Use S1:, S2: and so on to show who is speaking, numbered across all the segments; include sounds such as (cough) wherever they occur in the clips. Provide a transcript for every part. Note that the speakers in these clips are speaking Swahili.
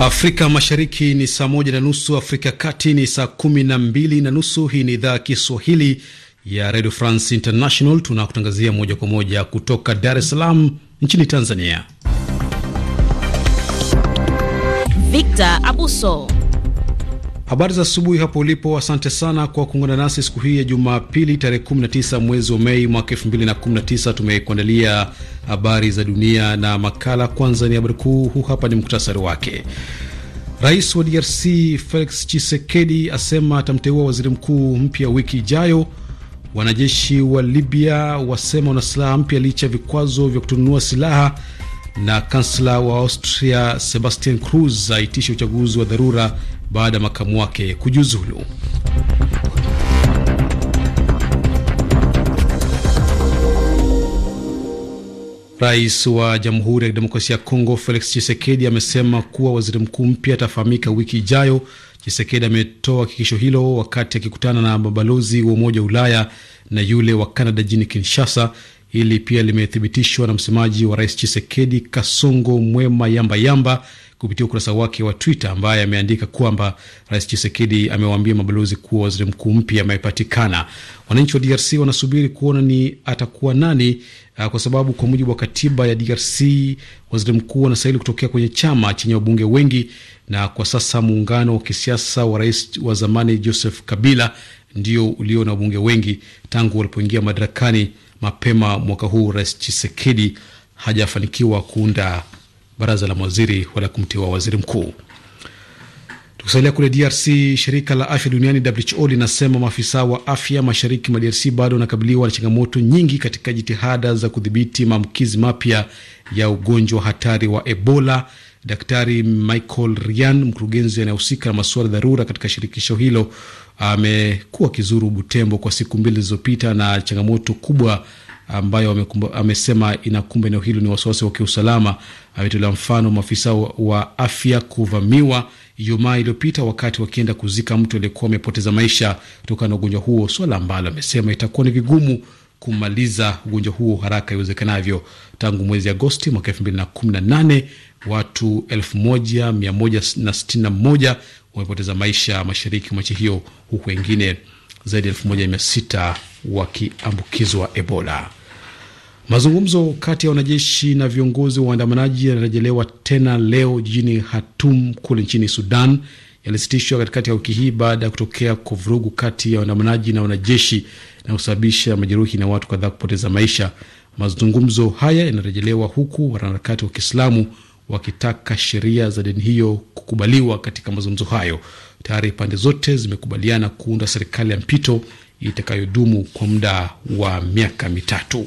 S1: Afrika Mashariki ni saa moja na nusu, Afrika ya Kati ni saa kumi na mbili na nusu. Hii ni idhaa ya Kiswahili ya Radio France International, tunakutangazia moja kwa moja kutoka Dar es Salaam nchini Tanzania.
S2: Victor Abuso,
S1: habari za asubuhi hapo ulipo. Asante sana kwa kuungana nasi siku hii ya Jumapili, tarehe 19 mwezi wa Mei mwaka 2019. Tumekuandalia habari za dunia na makala. Kwanza ni habari kuu, huu hapa ni muktasari wake. Rais wa DRC Felix Tshisekedi asema atamteua waziri mkuu mpya wiki ijayo. Wanajeshi wa Libya wasema wana silaha mpya licha ya vikwazo vya kutununua silaha. Na kansela wa Austria Sebastian Kurz aitisha uchaguzi wa dharura baada ya makamu wake kujiuzulu. Rais wa Jamhuri ya Kidemokrasia ya Kongo Felix chisekedi amesema kuwa waziri mkuu mpya atafahamika wiki ijayo. chisekedi ametoa hakikisho hilo wakati akikutana na mabalozi wa Umoja wa Ulaya na yule wa Kanada jini Kinshasa. Hili pia limethibitishwa na msemaji wa rais chisekedi Kasongo Mwema yambayamba Yamba kupitia ukurasa wake wa Twitter ambaye ameandika kwamba Rais Chisekedi amewaambia mabalozi kuwa waziri mkuu mpya amepatikana. Wananchi wa DRC wanasubiri kuona ni atakuwa nani, uh, kwa sababu kwa mujibu wa katiba ya DRC waziri mkuu anastahili kutokea kwenye chama chenye wabunge wengi, na kwa sasa muungano wa kisiasa wa rais wa zamani Joseph Kabila ndio ulio na wabunge wengi. Tangu walipoingia madarakani mapema mwaka huu, Rais Chisekedi hajafanikiwa kuunda baraza la mawaziri wala kumtiwa waziri mkuu. Tukisalia kule DRC, shirika la afya duniani WHO linasema maafisa wa afya mashariki mwa DRC bado wanakabiliwa na changamoto nyingi katika jitihada za kudhibiti maambukizi mapya ya ugonjwa hatari wa Ebola. Daktari Michael Ryan, mkurugenzi anayehusika na masuala dharura katika shirikisho hilo, amekuwa akizuru Butembo kwa siku mbili zilizopita, na changamoto kubwa ambayo amesema inakumba eneo hilo ni wasiwasi wa kiusalama. Ametolea mfano maafisa wa, afya kuvamiwa Ijumaa iliyopita wakati wakienda kuzika mtu aliyekuwa amepoteza maisha kutokana na ugonjwa huo, swala ambalo amesema itakuwa ni vigumu kumaliza ugonjwa huo haraka iwezekanavyo. Tangu mwezi Agosti mwaka elfu mbili na kumi na nane watu elfu moja mia moja na sitini na moja wamepoteza maisha mashariki mwa nchi hiyo, huku wengine zaidi ya elfu moja mia sita wakiambukizwa Ebola. Mazungumzo kati ya wanajeshi na viongozi wa waandamanaji yanarejelewa tena leo jijini Hatum kule nchini Sudan. Yalisitishwa katikati ya wiki hii baada ya kutokea kwa vurugu kati ya waandamanaji na wanajeshi na kusababisha majeruhi na watu kadhaa kupoteza maisha. Mazungumzo haya yanarejelewa huku wanaharakati wa Kiislamu wakitaka sheria za dini hiyo kukubaliwa katika mazungumzo hayo. Tayari pande zote zimekubaliana kuunda serikali ya mpito itakayodumu kwa muda wa miaka mitatu.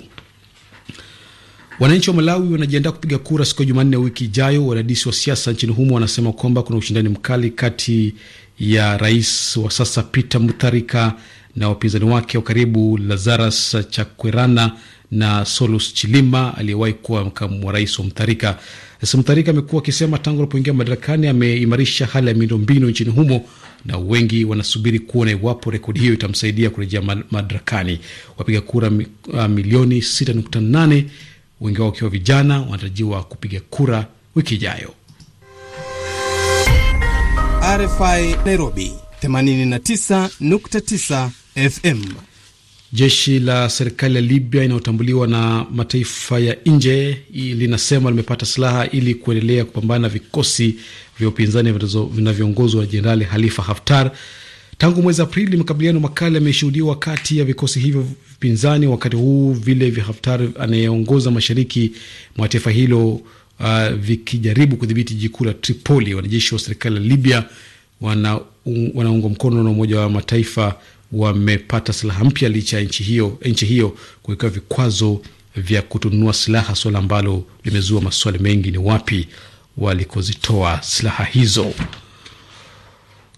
S1: Wananchi wa Malawi wanajiandaa kupiga kura siku ya Jumanne wiki ijayo. Wadadisi wa siasa nchini humo wanasema kwamba kuna ushindani mkali kati ya rais wa sasa Peter Mutharika na wapinzani wake wa karibu Lazarus Chakwera na Solus Chilima aliyewahi kuwa makamu wa rais wa Mutharika. Mutharika amekuwa akisema tangu alipoingia madarakani ameimarisha hali ya miundombinu nchini humo, na wengi wanasubiri kuona iwapo rekodi hiyo itamsaidia kurejea madarakani. Wapiga kura milioni 6.8 wengi wao wakiwa vijana, wanatarajiwa kupiga kura wiki ijayo. RFI Nairobi 89.9 FM. Jeshi la serikali ya Libya inayotambuliwa na mataifa ya nje linasema limepata silaha ili kuendelea kupambana na vikosi vya upinzani vinavyoongozwa na Jenerali Halifa Haftar Tangu mwezi Aprili, makabiliano makali yameshuhudiwa kati ya vikosi hivyo vipinzani, wakati huu vile vya Haftar anayeongoza mashariki mwa taifa hilo uh, vikijaribu kudhibiti jiji kuu la Tripoli. Wanajeshi wa serikali ya Libya wana, wanaungwa mkono na Umoja wa Mataifa wamepata silaha mpya licha ya nchi hiyo, kuwekewa vikwazo vya kutunua silaha, suala ambalo limezua maswali mengi: ni wapi walikozitoa silaha hizo?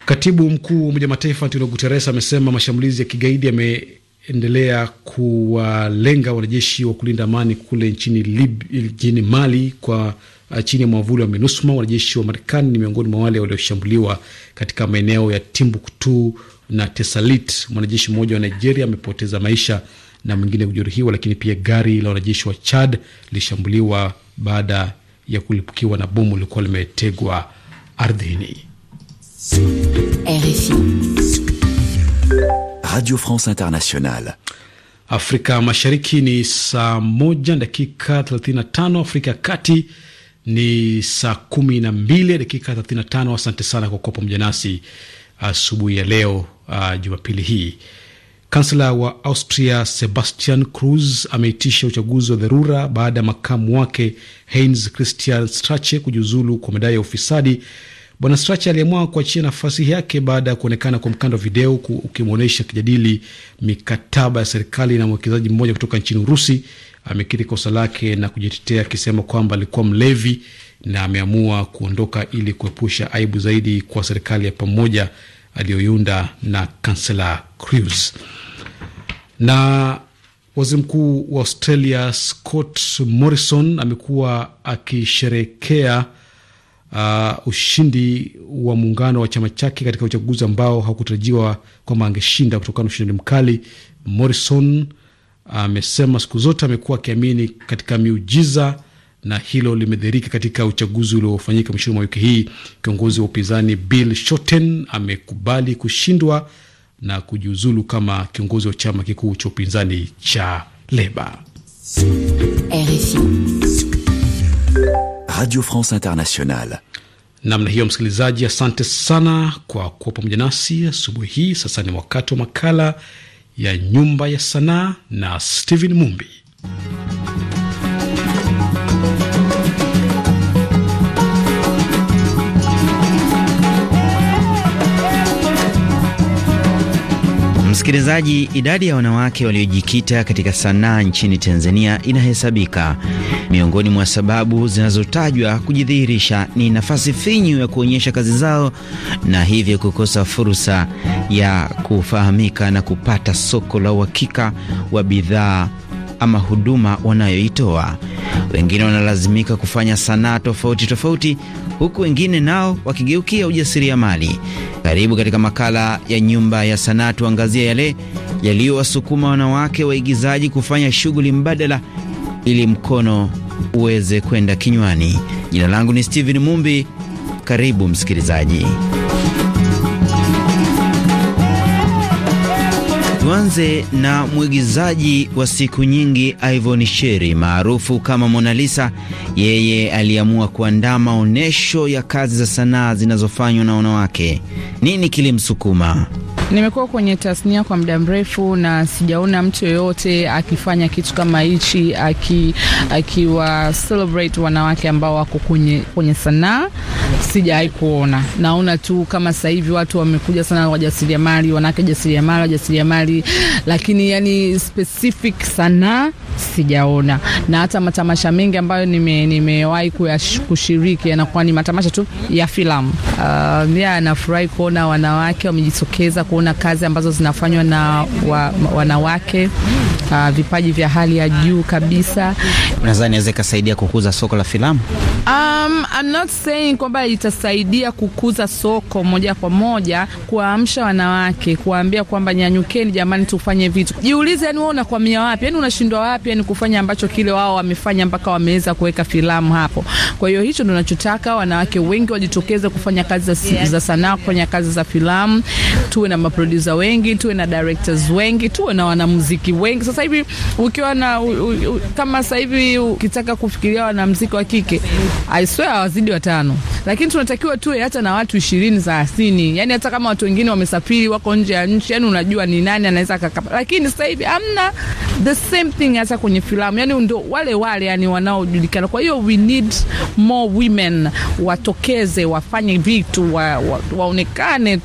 S1: Katibu mkuu wa Umoja Mataifa Antonio Guterres amesema mashambulizi ya kigaidi yameendelea kuwalenga wanajeshi wa kulinda amani kule nchini, Lib, nchini Mali kwa uh, chini ya mwavuli wa MINUSMA. Wanajeshi wa Marekani ni miongoni mwa wale walioshambuliwa katika maeneo ya Timbuktu na Tesalit. Mwanajeshi mmoja wa Nigeria amepoteza maisha na mwingine kujeruhiwa, lakini pia gari la wanajeshi wa Chad lilishambuliwa baada ya kulipukiwa na bomu lilikuwa limetegwa ardhini.
S3: RFI.
S1: Radio France Internationale. Afrika Mashariki ni saa moja dakika 35, Afrika ya Kati ni saa kumi na mbili dakika 35. Asante sana kwa kuwa pamoja nasi asubuhi ya leo, uh, Jumapili hii. Kansela wa Austria Sebastian Kurz ameitisha uchaguzi wa dharura baada ya makamu wake Heinz Christian Strache kujiuzulu kwa madai ya ufisadi Bwana Strache aliamua kuachia nafasi yake baada ya kuonekana kwa mkanda wa video ukimwonyesha kijadili mikataba ya serikali na mwekezaji mmoja kutoka nchini Urusi. Amekiri kosa lake na kujitetea akisema kwamba alikuwa mlevi na ameamua kuondoka ili kuepusha aibu zaidi kwa serikali ya pamoja aliyoiunda na kansela Cruz. Na waziri mkuu wa Australia Scott Morrison amekuwa akisherekea uh, ushindi wa muungano wa chama chake katika uchaguzi ambao hakutarajiwa kwamba angeshinda kutokana na ushindani mkali. Morrison amesema uh, siku zote amekuwa akiamini katika miujiza na hilo limedhihirika katika uchaguzi uliofanyika mwishoni mwa wiki hii. Kiongozi wa upinzani Bill Shorten amekubali kushindwa na kujiuzulu kama kiongozi wa chama kikuu cha upinzani cha Leba.
S3: RFI.
S1: Radio France Internationale. Namna hiyo, msikilizaji, asante sana kwa kuwa pamoja nasi asubuhi hii. Sasa ni wakati wa makala ya Nyumba ya Sanaa na Steven Mumbi.
S4: Msikilizaji, idadi ya wanawake waliojikita katika sanaa nchini Tanzania inahesabika. Miongoni mwa sababu zinazotajwa kujidhihirisha ni nafasi finyu ya kuonyesha kazi zao na hivyo kukosa fursa ya kufahamika na kupata soko la uhakika wa bidhaa ama huduma wanayoitoa. Wengine wanalazimika kufanya sanaa tofauti tofauti, huku wengine nao wakigeukia ujasiriamali. Karibu katika makala ya Nyumba ya Sanaa, tuangazia yale yaliyowasukuma wanawake waigizaji kufanya shughuli mbadala ili mkono uweze kwenda kinywani. Jina langu ni Steven Mumbi. Karibu msikilizaji. Tuanze na mwigizaji wa siku nyingi Ivon Sheri maarufu kama Mona Lisa. Yeye aliamua kuandaa maonyesho ya kazi za sanaa zinazofanywa na wanawake. Nini kilimsukuma?
S5: Nimekuwa kwenye tasnia kwa muda mrefu na sijaona mtu yoyote akifanya kitu kama hichi, akiwa aki celebrate wanawake ambao wako kwenye, kwenye sanaa sijawahi kuona. Naona tu kama sasa hivi watu wamekuja sana, wajasiriamali, wanawake jasiriamali, wajasiriamali, lakini yani specific sanaa sijaona, na hata matamasha mengi ambayo nimewahi nime kushiriki yanakuwa ni matamasha tu ya filamu. Uh, yeah, kuona wanawake wamejitokeza kuona kazi ambazo zinafanywa na wa, wanawake uh, vipaji vya hali ya juu kabisa.
S4: Unadhani inaweza ikasaidia kukuza soko la filamu?
S5: Um, I'm not saying kwamba itasaidia kukuza soko moja kwa moja, kuwaamsha wanawake, kuwaambia kwamba nyanyukeni jamani, tufanye vitu. Jiulize, yani wewe unakwamia wapi? Yani unashindwa wapi pia ni kufanya ambacho kile wao wamefanya mpaka wameweza kuweka filamu hapo. Kwa hiyo hicho ndo nachotaka, wanawake wengi wajitokeze kufanya kazi za, za sanaa, kufanya kazi za filamu, tuwe na maproducer wengi, tuwe na directors wengi, tuwe na wanamuziki wengi. Sasa hivi ukiwa na u, u, kama sasa hivi ukitaka kufikiria wanamuziki wa kike, I swear wazidi watano, lakini tunatakiwa tuwe hata na watu ishirini thelathini, yani hata kama watu wengine wamesafiri wako nje ya nchi, yani unajua ni nani anaweza kaka, lakini sasa hivi amna the same thing as hasa kwenye filamu, yani ndo wale wale yani wanaojulikana. Kwa hiyo we need more women watokeze, wafanye vitu, wa, wa, waonekane,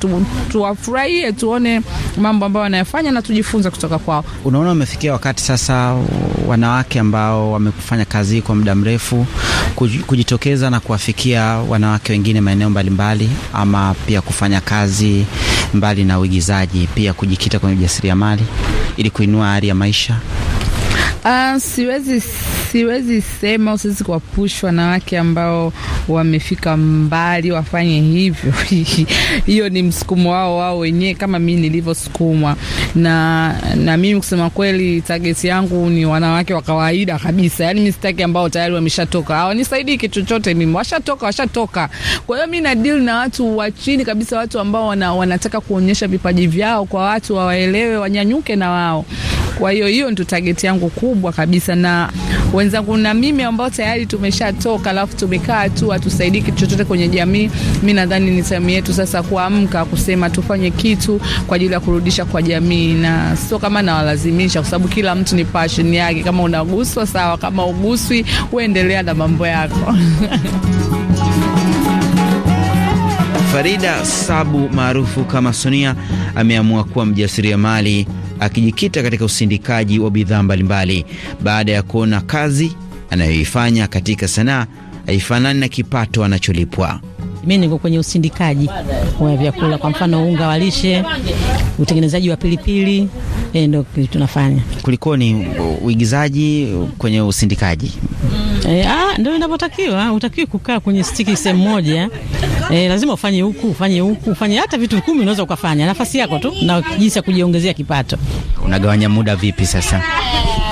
S5: tuwafurahie, tu tuone mambo ambayo wanayofanya na tujifunze kutoka kwao. Unaona,
S4: umefikia wakati sasa wanawake ambao wamekufanya kazi kwa muda mrefu kujitokeza na kuwafikia wanawake wengine maeneo mbalimbali, ama pia kufanya kazi mbali na uigizaji, pia kujikita kwenye ujasiriamali ili kuinua hali ya maisha.
S5: Uh, siwezi siwezi sema, siwezi kuwapush wanawake ambao wamefika mbali wafanye hivyo (laughs) hiyo ni msukumo wao wao wenyewe, kama mimi nilivyosukumwa na, na mimi kusema kweli, target yangu ni wanawake wa kawaida kabisa, yani mi sitaki ambao tayari wameshatoka, awanisaidii kitu chochote mimi, washatoka washatoka. Kwa hiyo mi na deal na watu wa chini kabisa, watu ambao wana, wanataka kuonyesha vipaji vyao kwa watu wawaelewe, wanyanyuke na wao. Kwa hiyo hiyo ndio target yangu kubwa kabisa na wenzangu na mimi ambao tayari tumeshatoka, alafu tumekaa tu hatusaidii kitu chochote kwenye jamii, mi nadhani ni time yetu sasa kuamka, kusema tufanye kitu kwa ajili ya kurudisha kwa jamii, na sio kama nawalazimisha, kwa sababu kila mtu ni passion yake. Kama unaguswa sawa, kama uguswi, uendelea na mambo yako.
S4: (laughs) Farida Sabu maarufu kama Sonia ameamua kuwa mjasiriamali akijikita katika usindikaji wa bidhaa mbalimbali baada ya kuona kazi anayoifanya katika sanaa haifanani na kipato anacholipwa.
S2: Mi niko kwenye usindikaji wa vyakula, kwa mfano unga wa lishe, utengenezaji wa pilipili, eh, ndo tunafanya. Kulikoni uigizaji kwenye usindikaji? E, eh, ah, ndo inavyotakiwa. Utakiwi kukaa kwenye stiki sehemu moja, E, lazima ufanye huku ufanye huku ufanye hata vitu kumi unaweza ukafanya nafasi yako tu na jinsi ya kujiongezea kipato.
S4: Unagawanya muda vipi sasa?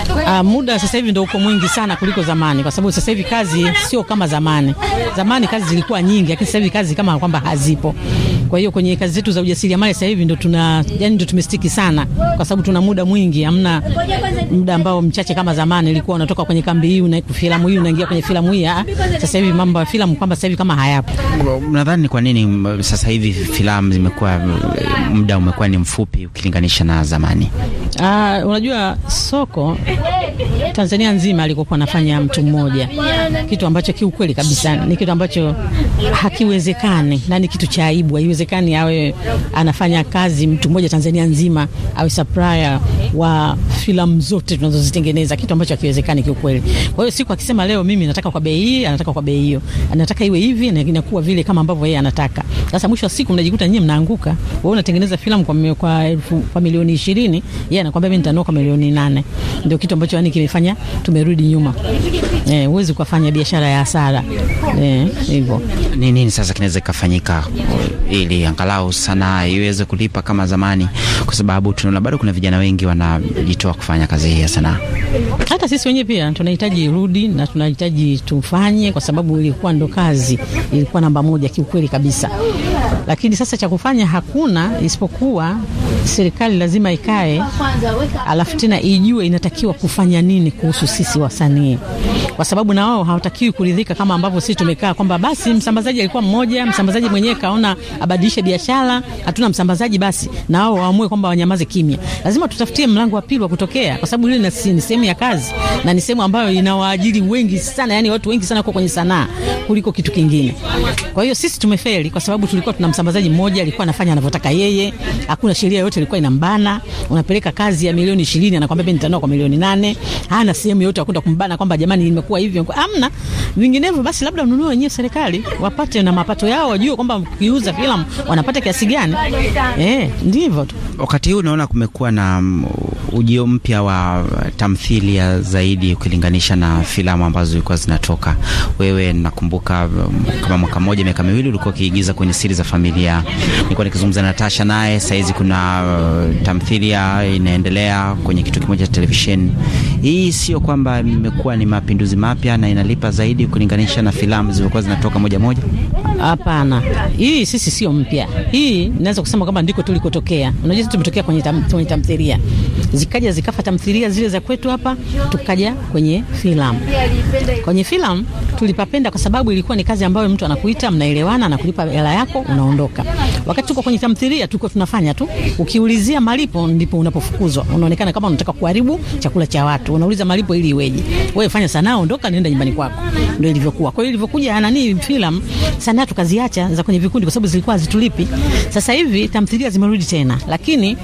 S2: Uh, muda sasa hivi ndio uko mwingi sana kuliko zamani, kwa sababu sasa hivi kazi sio kama zamani. Zamani kazi zilikuwa nyingi, lakini sasa hivi kazi kama kwamba hazipo. Kwa hiyo kwenye kazi zetu za ujasiriamali sasa hivi ndio tuna yani, ndio tumestiki sana, kwa sababu tuna muda mwingi, hamna muda ambao mchache kama zamani. Ilikuwa unatoka kwenye kambi hii una filamu hii unaingia kwenye filamu hii. Ah, sasa hivi mambo ya filamu kwamba sasa hivi kama hayapo.
S4: Nadhani kwa nini sasa hivi filamu zimekuwa muda umekuwa ni mfupi ukilinganisha na zamani?
S2: Ah, unajua soko Tanzania nzima alikokuwa anafanya mtu mmoja, kitu ambacho kiukweli kabisa ni kitu ambacho hakiwezekani na ni kitu cha aibu. Haiwezekani awe anafanya kazi mtu mmoja Tanzania nzima, awe supplier wa filamu zote tunazozitengeneza, kitu ambacho hakiwezekani kiukweli. Kwa hiyo siku akisema leo mimi nataka kwa bei hii, anataka kwa bei hiyo, anataka iwe hivi na inakuwa vile kama ambavyo yeye anataka. Sasa mwisho wa siku mnajikuta nyinyi mnaanguka. Wewe unatengeneza filamu kwa, kwa, kwa milioni ishirini anakuambia anakuambia mimi nitanua kwa milioni nane. Ndio kitu ambacho yani kimefanya tumerudi nyuma. Eh, huwezi kufanya biashara ya hasara. Eh, hivyo.
S4: Ni nini sasa kinaweza kufanyika ili angalau sanaa iweze kulipa kama zamani, kwa sababu tunaona bado kuna vijana wengi wanajitoa kufanya kazi hii ya sanaa.
S2: Hata sisi wenyewe pia tunahitaji irudi na tunahitaji tufanye, kwa sababu ilikuwa ndo kazi, ilikuwa namba moja kiukweli kabisa lakini sasa cha kufanya hakuna, isipokuwa serikali lazima ikae, alafu tena ijue inatakiwa kufanya nini kuhusu sisi wasanii, kwa sababu na wao hawatakiwi kuridhika kama ambavyo sisi tumekaa kwamba basi msambazaji alikuwa mmoja, msambazaji mwenyewe kaona abadilishe biashara, hatuna msambazaji, basi na wao waamue kwamba wanyamaze kimya. Lazima tutafutie mlango wa pili wa kutokea, kwa sababu hili ni sehemu ya kazi na ni sehemu ambayo inawaajiri wengi sana, yani watu wengi sana kwa kwenye sanaa kuliko kitu kingine. Kwa hiyo sisi tumefeli kwa sababu tulikuwa tuna msambazaji mmoja alikuwa anafanya anavyotaka yeye, hakuna sheria yoyote ilikuwa inambana. Unapeleka kazi ya milioni 20 anakuambia mimi nitanua kwa milioni nane. Hana sehemu yoyote akwenda kumbana kwamba jamani, nimekuwa hivyo amna vinginevyo, basi labda ununue wenyewe, serikali wapate na mapato yao, wajue kwamba kiuza filamu wanapata kiasi gani.
S4: Eh, ndivyo tu. Wakati huu naona kumekuwa na mm, ujio mpya wa tamthilia zaidi ukilinganisha na filamu ambazo zilikuwa zinatoka. Wewe nakumbuka mm, kama mwaka mmoja miaka miwili ulikuwa ukiigiza kwenye siri za familia familia. Nilikuwa nikizungumza na Tasha naye saizi, kuna uh, tamthilia inaendelea kwenye kitu kimoja cha televisheni. Hii sio kwamba imekuwa ni mapinduzi mapya na inalipa zaidi kulinganisha na filamu zilizokuwa zinatoka moja moja? Hapana, hii sisi
S2: sio mpya. Hii naweza kusema kwamba ndiko tulikotokea. Unajua, sisi tumetokea kwenye, tam, kwenye tamthilia zikaja zikafa tamthilia zile za kwetu hapa, tukaja kwenye filamu. Kwenye filamu tulipapenda kwa sababu ilikuwa ni kazi ambayo mtu anakuita, mnaelewana, anakulipa hela yako una unaondoka. Wakati tuko kwenye tamthilia tuko tunafanya tu, ukiulizia malipo ndipo unapofukuzwa. Unaonekana kama unataka kuharibu chakula cha watu, unauliza malipo ili iweje? Wewe fanya sanaa, ondoka, nenda nyumbani kwako. Ndio ilivyokuwa. Kwa hiyo ilivyokuja nani film sanaa tukaziacha za kwenye vikundi, kwa sababu zilikuwa hazitulipi. Sasa hivi tamthilia zimerudi tena, lakini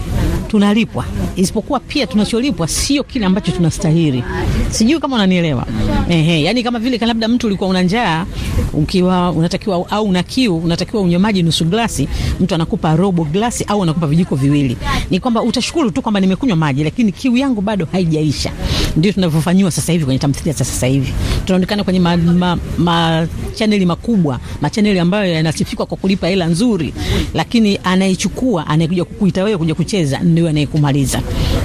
S2: tunalipwa, isipokuwa pia tunacholipwa sio kile ambacho tunastahili. Sijui kama unanielewa. Ehe, yani kama vile labda mtu ulikuwa una njaa ukiwa unatakiwa au una kiu unatakiwa unywe maji nusu glasi, mtu anakupa robo glasi au anakupa vijiko viwili. Ni kwamba utashukuru tu kwamba nimekunywa maji, lakini kiu yangu bado haijaisha. Ndio tunavyofanyiwa sasa hivi kwenye tamthilia za sasa hivi, tunaonekana kwenye ma, ma, ma chaneli makubwa, machaneli ambayo yanasifikwa kwa kulipa hela nzuri, lakini anaichukua anayekuja kukuita wewe kuja kucheza ndio anayekumaliza.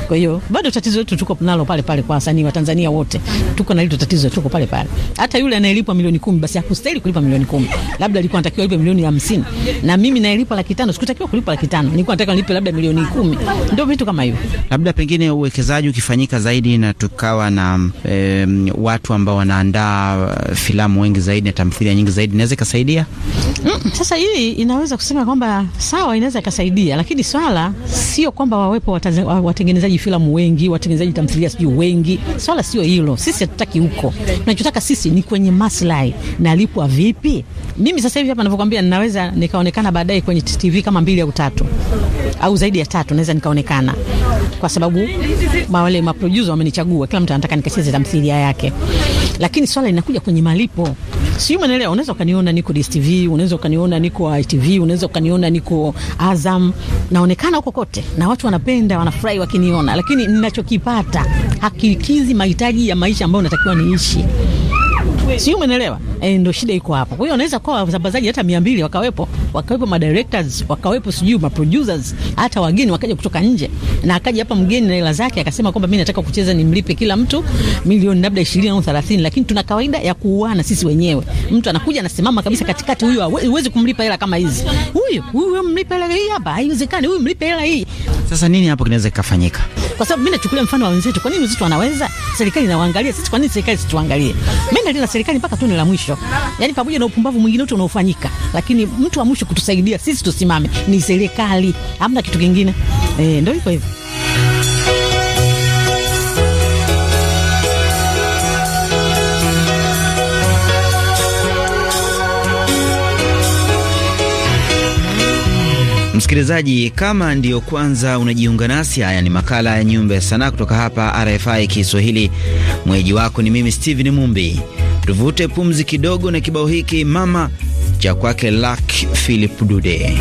S2: Kwa hiyo bado tatizo letu tuko nalo pale pale, kwa wasanii wa Tanzania wote tuko na hilo tatizo, tuko pale pale. Hata yule anayelipwa milioni kumi basi hakustahili kulipa milioni kumi, labda alikuwa anatakiwa alipe milioni hamsini, na mimi naelipa laki tano, sikutakiwa kulipa laki tano, nilikuwa nataka nilipe labda milioni kumi. Ndio vitu kama hivyo.
S4: Labda pengine uwekezaji ukifanyika zaidi na tukawa na e, watu ambao wanaandaa eh, filamu wengi zaidi na tamthilia nyingi zaidi inaweza ikasaidia.
S2: Mm, sasa hii inaweza kusema kwamba sawa, inaweza ikasaidia, lakini swala sio kwamba wawepo watengenezaji filamu wengi, watengenezaji tamthilia sijui wengi. Swala sio hilo, sisi hatutaki huko. Tunachotaka sisi ni kwenye maslahi, nalipwa vipi? Mimi sasa hivi hapa ninavyokuambia, ninaweza nikaonekana baadaye kwenye TV kama mbili au tatu au zaidi ya tatu, naweza nikaonekana kwa sababu wale maproducer wamenichagua, kila mtu anataka nikacheze tamthilia yake, lakini swala linakuja kwenye malipo si umeelewa? Unaweza ukaniona niko DStv, unaweza ukaniona niko ITV, unaweza ukaniona niko Azam, naonekana huko kote na watu wanapenda, wanafurahi wakiniona, lakini ninachokipata hakikizi mahitaji ya maisha ambayo natakiwa niishi si umeelewa? E, eh, ndio shida iko hapo. Kwa hiyo anaweza kuwa wasambazaji hata 200 wakawepo, wakawepo ma directors, wakawepo sijui ma producers, hata wageni wakaja kutoka nje, na akaja hapa mgeni na hela zake, akasema kwamba mimi nataka kucheza, nimlipe kila mtu milioni labda 20 au 30, lakini tuna kawaida ya kuuana sisi wenyewe. Mtu anakuja anasimama kabisa katikati, huyu huwezi kumlipa hela kama hizi, huyu huyu mlipe hela hii hapa, haiwezekani, huyu mlipe hela hii.
S4: Sasa nini hapo kinaweza kikafanyika?
S2: Kwa sababu mimi nachukulia mfano wa wenzetu. Kwa nini wenzetu wanaweza serikali inawaangalia sisi, kwa nini serikali situangalie? Mimi nalina serikali mpaka tu la mwisho, yani pamoja na upumbavu mwingine wote unaofanyika, lakini mtu wa mwisho kutusaidia sisi tusimame ni serikali, hamna kitu kingine. Eh, ndio iko hivyo.
S4: Msikilizaji, kama ndiyo kwanza unajiunga nasi, haya ni makala ya Nyumba ya Sanaa kutoka hapa RFI Kiswahili. Mwenyeji wako ni mimi Steven Mumbi. Tuvute pumzi kidogo na kibao hiki mama cha kwake lak Philip Dude.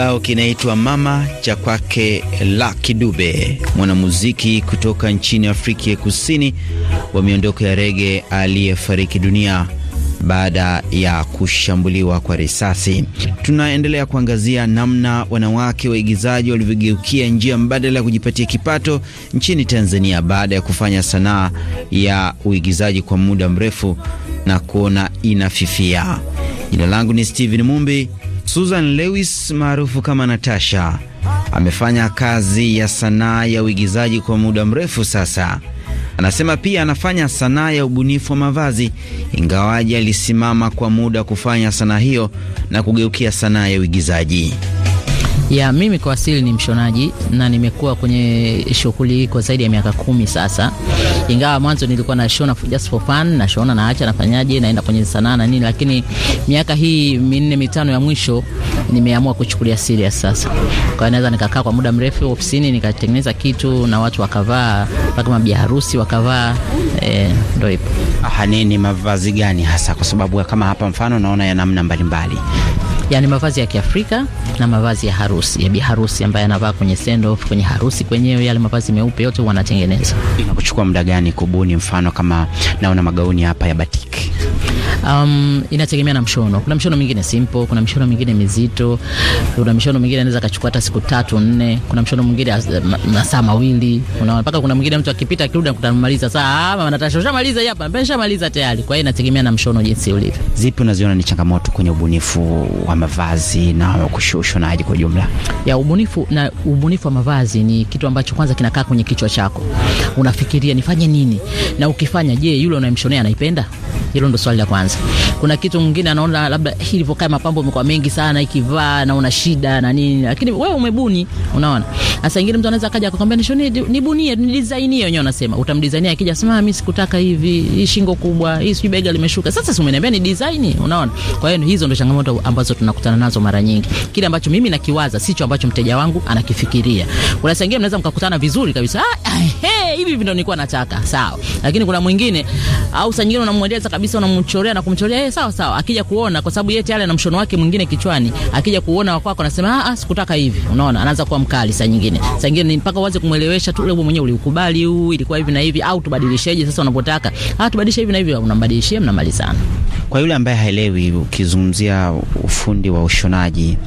S4: kibao kinaitwa Mama cha kwake La Kidube, mwanamuziki kutoka nchini Afrika ya Kusini wa miondoko ya rege aliyefariki dunia baada ya kushambuliwa kwa risasi. Tunaendelea kuangazia namna wanawake waigizaji walivyogeukia njia mbadala ya kujipatia kipato nchini Tanzania baada ya kufanya sanaa ya uigizaji kwa muda mrefu na kuona inafifia. Jina langu ni Steven Mumbi. Susan Lewis maarufu kama Natasha amefanya kazi ya sanaa ya uigizaji kwa muda mrefu sasa. Anasema pia anafanya sanaa ya ubunifu wa mavazi, ingawaji alisimama kwa muda kufanya sanaa hiyo na kugeukia sanaa ya uigizaji.
S6: Ya mimi kwa asili ni mshonaji na nimekuwa kwenye shughuli hii kwa zaidi ya miaka kumi sasa, ingawa mwanzo nilikuwa na shona just for fun, na shona nafanyaje, naenda kwenye sanaa na nini, lakini miaka hii minne mitano ya mwisho nimeamua kuchukulia serious sasa. Kwa hiyo naweza nikakaa kwa muda mrefu ofisini nikatengeneza kitu na watu
S4: wakavaa, mpaka mabi harusi wakavaa, e, ndio ipo Aha, nini mavazi gani hasa? Kwa sababu kama hapa mfano naona ya namna mbalimbali mbali yani mavazi ya Kiafrika
S6: na mavazi ya harusi ya biharusi, ambaye anavaa kwenye send off, kwenye harusi kwenyewe, yale mavazi meupe yote wanatengeneza. Inakuchukua muda gani kubuni? Mfano kama naona magauni hapa ya batiki Um, inategemea na mshono. Kuna mshono mingine simple, kuna mshono mingine mizito, kuna mshono mingine anaweza kachukua hata siku tatu nne, kuna mshono mwingine masaa mawili, unaona mpaka kuna mwingine mtu akipita akirudi akutamaliza saa, ah, mama Natasha ushamaliza hapa, mbona ushamaliza tayari. Kwa hiyo inategemea na mshono jinsi ulivyo.
S4: Zipi unaziona ni changamoto kwenye ubunifu wa mavazi na
S6: kushonaji kwa jumla? Ya ubunifu na ubunifu wa mavazi ni kitu ambacho kwanza kinakaa kwenye kichwa chako. Unafikiria nifanye nini? Na ukifanya je, yule unayemshonea anaipenda? Hilo ndo swali la kwanza. Kuna kitu mwingine anaona labda hii ilivyokaa mapambo imekuwa mengi sana, ikivaa na una shida na nini, lakini wewe umebuni, unaona. Sasa ingine mtu anaweza akaja akakwambia nishonie, nibunie, ni design hiyo yenyewe, unasema utamdesignia, akija sema ah, mimi sikutaka hivi, hii shingo kubwa, hii sijui bega limeshuka. Sasa si umeniambia ni design, unaona. Kwa hiyo hizo ndo changamoto ambazo tunakutana nazo mara nyingi. Kile ambacho mimi nakiwaza sicho ambacho mteja wangu anakifikiria. Kuna sengine mnaweza mkakutana vizuri kabisa, ah, ah hey, hivi ndio nilikuwa nataka, sawa. Lakini kuna mwingine au sengine unamweleza kabisa unamchorea na kumchorea yeye sawa sawa, akija kuona, kwa sababu yeye tayari ana mshono wake mwingine kichwani, akija kuona wako wako anasema ah, ah sikutaka hivi. Unaona, anaanza kuwa mkali. Saa nyingine, saa nyingine ni mpaka uanze kumwelewesha tu, wewe mwenyewe ulikubali huu, ilikuwa hivi na hivi, au tubadilisheje sasa unapotaka, ah, tubadilishe hivi na hivi, unambadilishia, mnamalizana.
S4: Kwa yule ambaye haelewi, ukizungumzia ufundi wa ushonaji,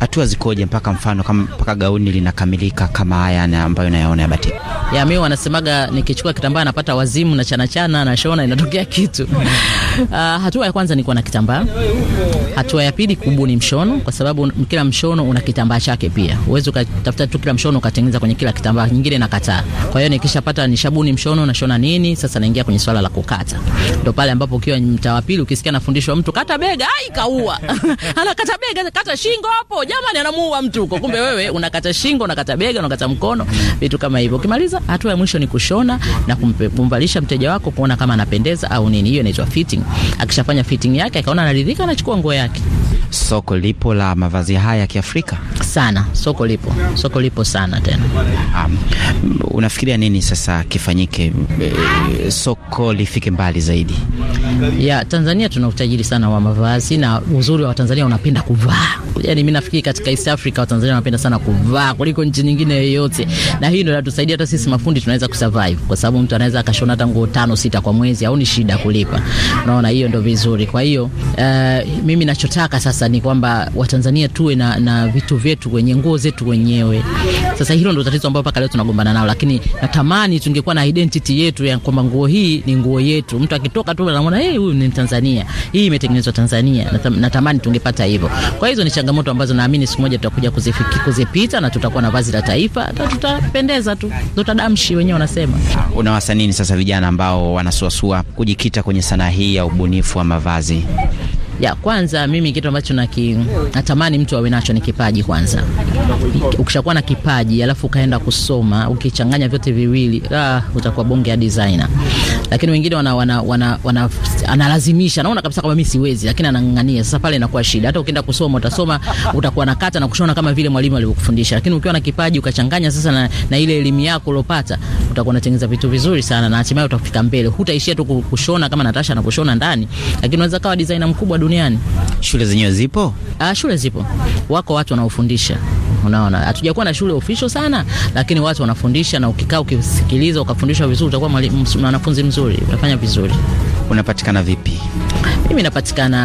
S4: hatua zikoje mpaka mfano kama mpaka gauni linakamilika kama haya na ambayo nayaona ya batiki? Ya
S6: mimi wanasemaga nikichukua kitambaa napata wazimu na chana chana na shona inatokea kitu. Uh, (laughs) hatua ya kwanza ni kuwa na kitambaa. Hatua ya pili kubwa ni mshono, kwa sababu kila mshono una kitambaa chake pia. Uweze ukatafuta tu kila mshono ukatengeneza kwenye kila kitambaa nyingine, kataa. Kwa hiyo nikishapata ni shabuni mshono, shona nini sasa, naingia kwenye swala la kukata. Ndio pale ambapo ukiwa mtaa wa pili, ukisikia nafundishwa mtu kata bega, ai kaua (laughs) Ana kata bega, kata shingo, hapo jamani, anamuua mtu huko, kumbe wewe unakata shingo, unakata bega, unakata mkono, vitu kama hivyo. Ukimaliza, hatua ya mwisho ni kushona na kumvalisha mteja wako, kuona kama anapendeza au nini. Hiyo inaitwa fitting. Akishafanya fitting yake, akaona anaridhika, anachukua nguo yake yake. Soko lipo la mavazi haya ya Kiafrika sana,
S4: soko lipo, soko lipo sana tena. Um, unafikiria nini sasa kifanyike, e, soko lifike mbali zaidi?
S6: Ya Tanzania tuna utajiri sana wa mavazi na uzuri wa Tanzania unapenda kuvaa. Yaani mimi nafikiri katika East Africa wa Tanzania wanapenda sana kuvaa kuliko nchi nyingine yoyote, na hii ndio inatusaidia hata sisi mafundi tunaweza kusurvive, kwa sababu mtu anaweza akashona hata nguo tano sita kwa mwezi au ni shida kulipa. Unaona, hiyo ndio vizuri. Kwa hiyo uh, mimi na ninachotaka sasa ni kwamba Watanzania tuwe na, na vitu vyetu kwenye nguo zetu wenyewe. Sasa hilo ndio tatizo ambalo mpaka leo tunagombana nao, lakini natamani tungekuwa na identity yetu ya kwamba nguo hii ni nguo yetu. Mtu akitoka tu anaona hey, huyu ni Mtanzania, hii imetengenezwa Tanzania. natamani tungepata hivyo. Kwa hizo ni changamoto ambazo naamini siku
S4: moja tutakuja kuzifiki kuzipita, na tutakuwa na vazi la taifa,
S6: na tutapendeza tu, tutadamshi wenyewe
S4: wanasema. Ah, Una wasanii sasa vijana ambao wanasuasua kujikita kwenye sanaa hii ya ubunifu wa mavazi?
S6: Ya kwanza mimi kitu ambacho naki natamani mtu awe nacho ni kipaji kwanza. Ukishakuwa na kipaji alafu ukaenda kusoma, ukichanganya vyote viwili, ah, utakuwa bonge ya designer. Lakini wengine wana, wana, wana, wana analazimisha, naona kabisa kama mimi siwezi, lakini anang'ang'ania. Sasa pale inakuwa shida. Hata ukienda kusoma utasoma, utakuwa na kata na kushona kama vile mwalimu alivyokufundisha. Lakini ukiwa na kipaji ukachanganya sasa na, na ile elimu yako ulopata, utakuwa unatengeneza vitu vizuri sana na hatimaye utafika mbele. Hutaishia tu kushona kama Natasha anavyoshona ndani, lakini unaweza kawa designer mkubwa duniani. Shule zenyewe zipo? Ah, shule zipo, wako watu wanaofundisha. Unaona, hatujakuwa na shule official sana, lakini watu wanafundisha, na ukikaa ukisikiliza ukafundishwa vizuri, utakuwa mwanafunzi mzuri, utafanya vizuri. Unapatikana vipi? Mimi napatikana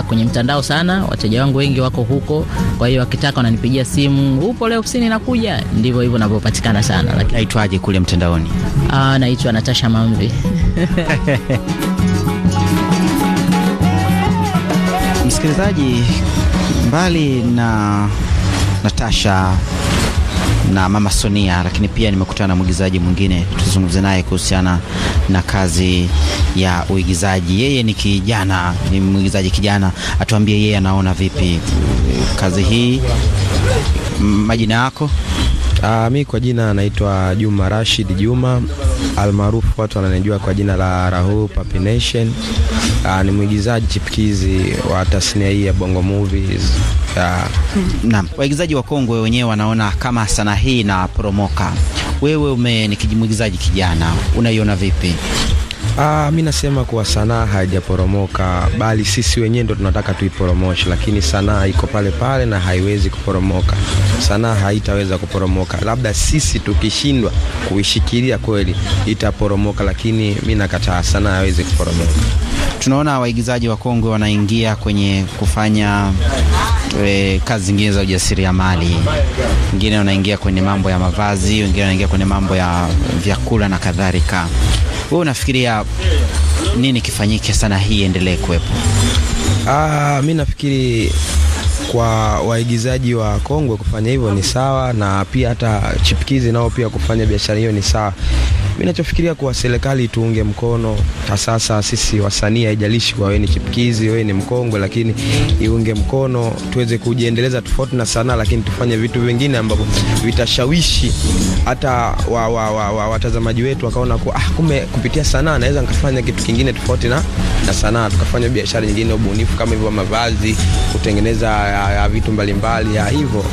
S6: uh, kwenye mtandao sana. Wateja wangu wengi wako huko, kwa hiyo wakitaka wananipigia simu, upo leo ofisini, nakuja. Ndivyo hivyo navyopatikana sana. Lakini naitwaje kule mtandaoni? Ah, naitwa Natasha Mamvi. (laughs)
S4: Msikilizaji, mbali na Natasha na Mama Sonia, lakini pia nimekutana na mwigizaji mwingine, tuzungumze naye kuhusiana na kazi ya uigizaji. Yeye ni kijana, ni mwigizaji kijana, atuambie yeye anaona vipi kazi hii.
S7: Majina yako? Uh, mi kwa jina naitwa Juma Rashid Juma almaarufu watu wananijua kwa jina la Rahul Papi Nation. Uh, ni mwigizaji chipukizi wa tasnia hii ya Bongo Movies. Uh,
S4: naam, waigizaji wa kongwe wenyewe wanaona kama sanaa hii na promoka. Wewe ume
S7: ni mwigizaji kijana, unaiona vipi? Ah, mi nasema kuwa sanaa haijaporomoka bali sisi wenyewe ndo tunataka tuiporomoshe, lakini sanaa iko pale pale na haiwezi kuporomoka. Sanaa haitaweza kuporomoka, labda sisi tukishindwa kuishikilia kweli itaporomoka, lakini mi nakataa, sanaa haiwezi kuporomoka.
S4: Tunaona waigizaji wa kongwe wanaingia kwenye kufanya e, kazi zingine za ujasiriamali, wengine wanaingia kwenye mambo ya mavazi, wengine wanaingia kwenye mambo ya vyakula na kadhalika. Wewe unafikiria nini kifanyike sana hii endelee kuwepo?
S7: Ah, mi nafikiri kwa waigizaji wa kongwe kufanya hivyo ni sawa, na pia hata chipukizi nao pia kufanya biashara hiyo ni sawa mimi nachofikiria kuwa serikali tuunge mkono sasa sisi wasanii, haijalishi kwa wewe ni chipukizi, wewe ni mkongwe, lakini iunge mkono tuweze kujiendeleza tofauti na sanaa, lakini tufanye vitu vingine ambavyo vitashawishi hata wa, wa, wa, wa, watazamaji wetu wakaona kuwa ah, kumbe kupitia sanaa naweza nikafanya kitu kingine tofauti na, na sanaa, tukafanya biashara nyingine, ubunifu kama hivyo, mavazi, kutengeneza ya, ya vitu mbalimbali ya hivyo.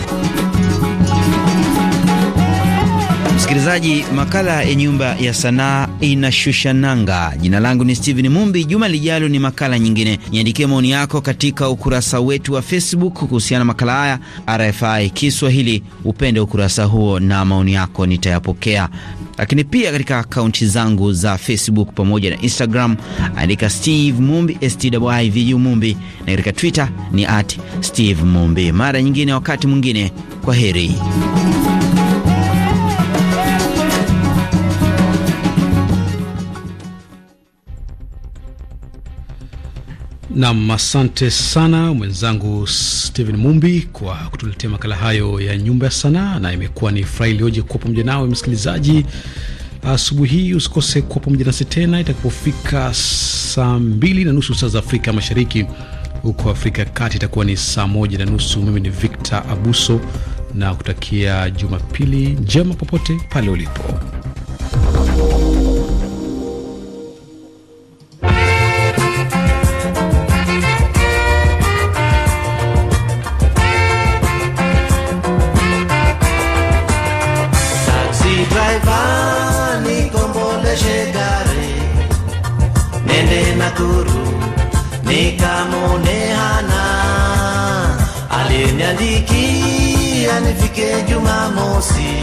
S4: Msikilizaji, makala ya Nyumba ya Sanaa inashusha nanga. Jina langu ni Steven Mumbi. Juma lijalo ni makala nyingine. Niandikie maoni yako katika ukurasa wetu wa Facebook kuhusiana na makala haya, RFI Kiswahili. Upende ukurasa huo na maoni yako nitayapokea, lakini pia katika akaunti zangu za Facebook pamoja na Instagram, andika Steve Mumbi, Stivu Mumbi, na katika Twitter ni at Steve Mumbi. Mara nyingine, wakati mwingine, kwa heri.
S1: Nam, asante sana mwenzangu Stephen Mumbi kwa kutuletea makala hayo ya nyumba ya sanaa, na imekuwa ni furaha iliyoje kuwa pamoja nawe msikilizaji asubuhi hii. Usikose kuwa pamoja nasi tena itakapofika saa mbili na nusu saa za Afrika Mashariki, huko Afrika ya Kati itakuwa ni saa moja na nusu. Mimi ni Victor Abuso na kutakia Jumapili njema popote pale ulipo.
S3: mosi,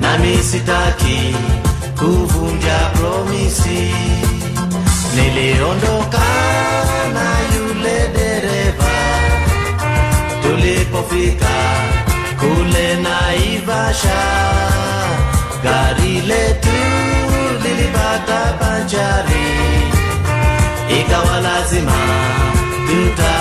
S3: nami sitaki kuvunja promisi. Niliondoka na yule dereva tulipofika kule na ivasha gari letu lilipata banjari, ikawa lazima tuta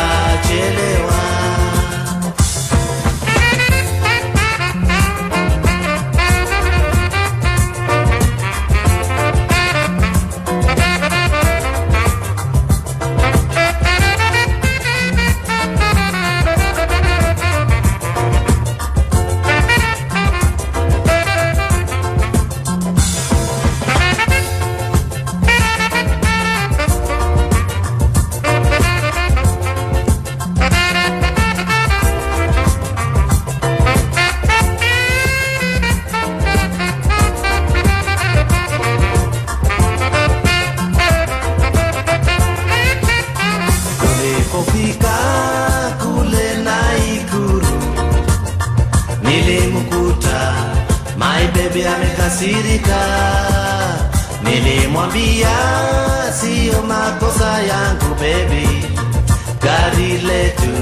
S3: baby, gari letu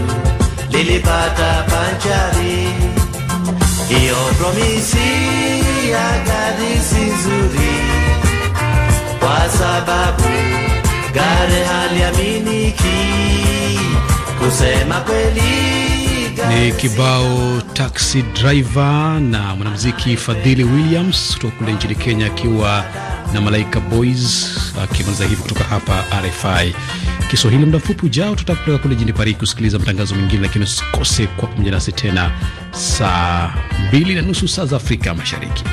S3: lilipata panchari. Hiyo promisi ya gari si nzuri, kwa sababu gari haliaminiki. Kusema kweli
S1: ni kibao taxi driver na mwanamuziki Fadhili Williams kutoka kule nchini Kenya, akiwa na Malaika Boys akimaliza hivi kutoka hapa RFI. Kiswahili. Muda mfupi ujao tutakupeleka kule jijini Paris kusikiliza matangazo mengine, lakini usikose kwa pamoja nasi tena saa mbili na nusu saa za Afrika Mashariki.